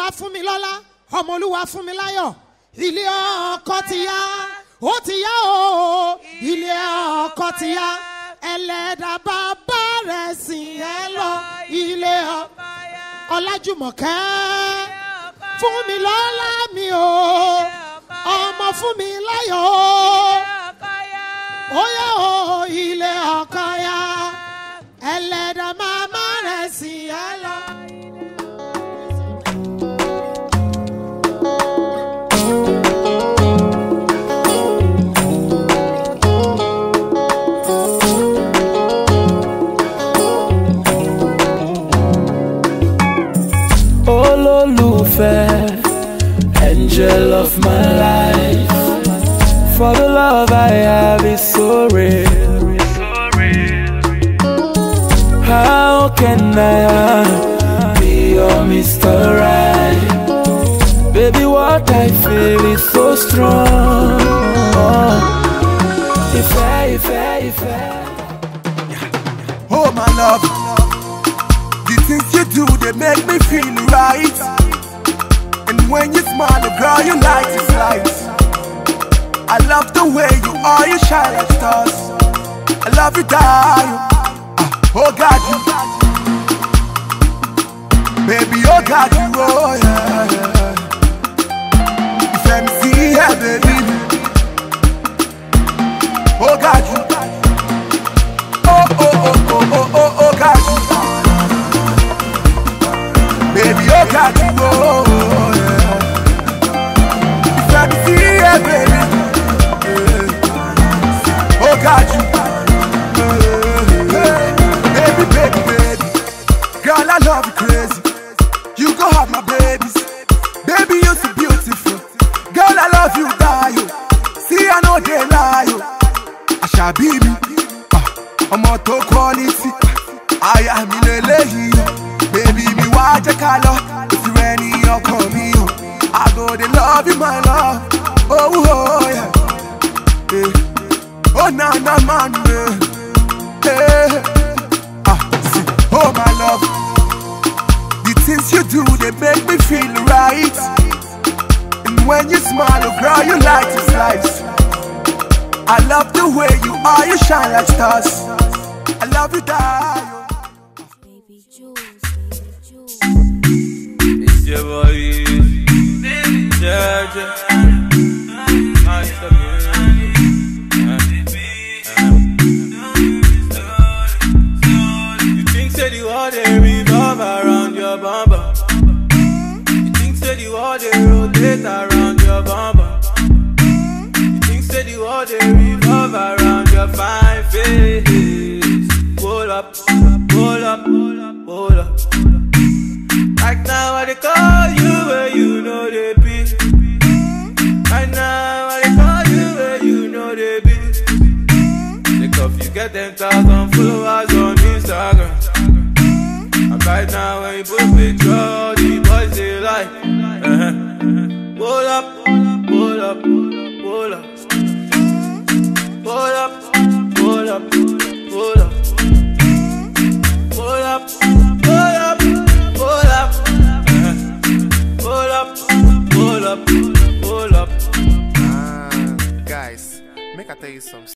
olúwa fún mi lọ́lá ọmọ olúwa fún mi láyọ̀ ilé ọkọ ti yá ó ti yá o ilé ọkọ ti yá ẹlẹ́dàá bàbá rẹ̀ sìn ẹ́ lọ ilé ọkọ ọlájùmọ̀kẹ́ fún mi lọ́lá mi o ọmọ fún mi láyọ̀ o ó yẹ o ilé ọ. olólùfẹ́ angel of my life for the love I have is so real. How can I be your Mr. Right? Baby, what I feel is so strong. if I, if I, if I. Oh, my love, the things you do you make me feel right. And when you smile, girl, your light is light. I love the way you are, you shine like stars. I love you, darling. Ah, oh God, you. Baby, oh God, you, oh yeah. If MC, yeah, baby. I love you crazy. You go have my babies. Baby, you so beautiful. Girl, I love you, die yo. See, I know they lie you. Oh. Ashabibi, uh, ah, I'm auto quality. Ah, I am in a lady. Oh. Baby, me watch the color. If you any, you call me. Oh. I go, they love you, my love. Oh, oh yeah. Hey. Eh. Oh, na na man, man. Eh. Hey. Eh. me feel right And when you smile or cry, your light is lights I love the way you are, you shine like stars I love you, darling. Baby Jules, baby Jules It's your boy, Georgia they rotate around your bum bum. You think say the world they revolve around your fine face. Hold up, hold up, hold up. Right now I they call you where you know they be. Right now I they call you where you know they be. They cuff you get them thousand followers on Instagram. And right now when you put picture, all the boys they like. Pull up, pull up, pull up. Pull up, pull up, pull up. Pull up, pull up, pull up. Pull up, pull up, pull up. Ah, guys, make I tell you something.